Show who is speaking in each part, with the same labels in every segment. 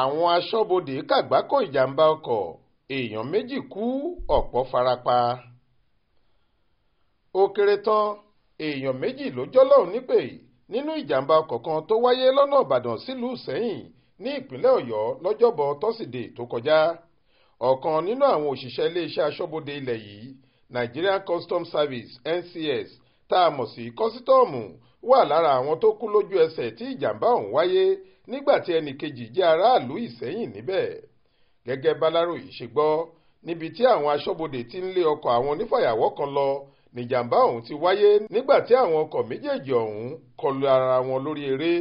Speaker 1: àwọn aṣọ́bodè kàgbákò ìjàmbá ọkọ̀ èèyàn méjì kú ọ̀pọ̀ farapa ó kéré tán èèyàn méjì ló jọlọ́run nípè nínú ìjàmbá ọkọ̀ kan tó wáyé lọ́nà ìbàdàn sílùú sẹ́yìn ní ìpínlẹ̀ ọ̀yọ́ lọ́jọ́bọ̀ tọ́sídẹ̀ẹ́ tó kọjá ọ̀kan nínú àwọn òṣìṣẹ́ iléeṣẹ́ aṣọ́bodè ilẹ̀ yìí Nigerian Customs Service NCS tá a mọ̀ sí kọ́sítọ́ọ̀mù wà lára àwọn tó kú lójú ẹsẹ̀ tí ìjàmbá ọ̀hún wáyé nígbà tí ẹnì kejì jẹ́ aráàlú Ìsẹ́yìn níbẹ̀ gẹ́gẹ́ báláròyé ṣe gbọ́ níbi tí àwọn aṣọ́bodè ti ń lé ọkọ̀ àwọn onífàyàwọ́ kan lọ níjàmbá ọ̀hún ti wáyé nígbà tí àwọn ọkọ̀ méjèèjì ọ̀hún kọlu ara wọn lórí eré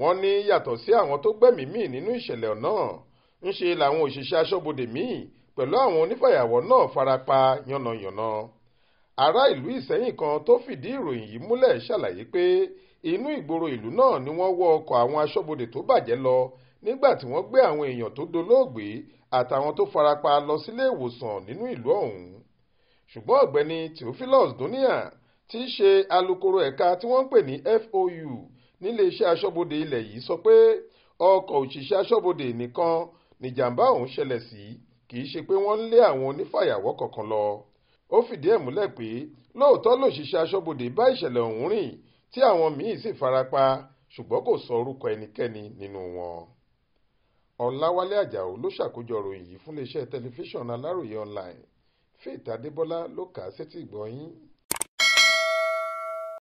Speaker 1: wọ́n ní yàtọ̀ sí àwọn tó gbẹ̀mí míì nínú ìṣẹ̀lẹ̀ náà ń ṣe làwọn òṣìṣẹ́ aṣọ́bodè míì pẹ̀lú àwọn onífàyàwọ́ náà farapa yánnayànna ará ìlú ìsẹ́yìn kan tó fìdí ìròyìn yìí múlẹ̀ ṣàlàyé pé inú ìgboro ìlú náà ni wọ́n wọ ọkọ̀ àwọn aṣọ́bodè tó bàjẹ́ lọ nígbà tí wọ́n gbé àwọn èèyàn tó dolóògbé àtàwọn tó farapa lọ sílé ìwòsàn nínú ìlú ọ̀hún ṣùgbọ́n ọ̀gbẹ́ni Theophilus Doniyan tí í ṣe alukoro ẹ̀ka tí wọ́n ń pè ní FOU níléeṣẹ́ aṣọ́bodè ilẹ̀ yìí sọ pé ọkọ̀ òṣìṣẹ́ aṣọ́bodè nìkan nìjàmbá ọ̀hún ṣẹlẹ̀ sí kì í ṣe pé wọ́n ń lé àwọn onífàyàwọ́ kankan lọ ó fìdí ẹ̀ múlẹ̀ pé lóòótọ́ lòṣìṣẹ́ aṣọ́bodè bá ìṣẹ̀lẹ̀ ọ̀hún rìn tí àwọn míín sì farapa ṣùgbọ́n kò sọ orúkọ ẹnikẹ́ni nínú wọn. ọ̀làwálé ajáò ló ṣàkójọ ròyìn yìí fún iléeṣẹ́ tẹlifíṣàn aláròye online faith adébọlá ló kà á sétí ìgbọ́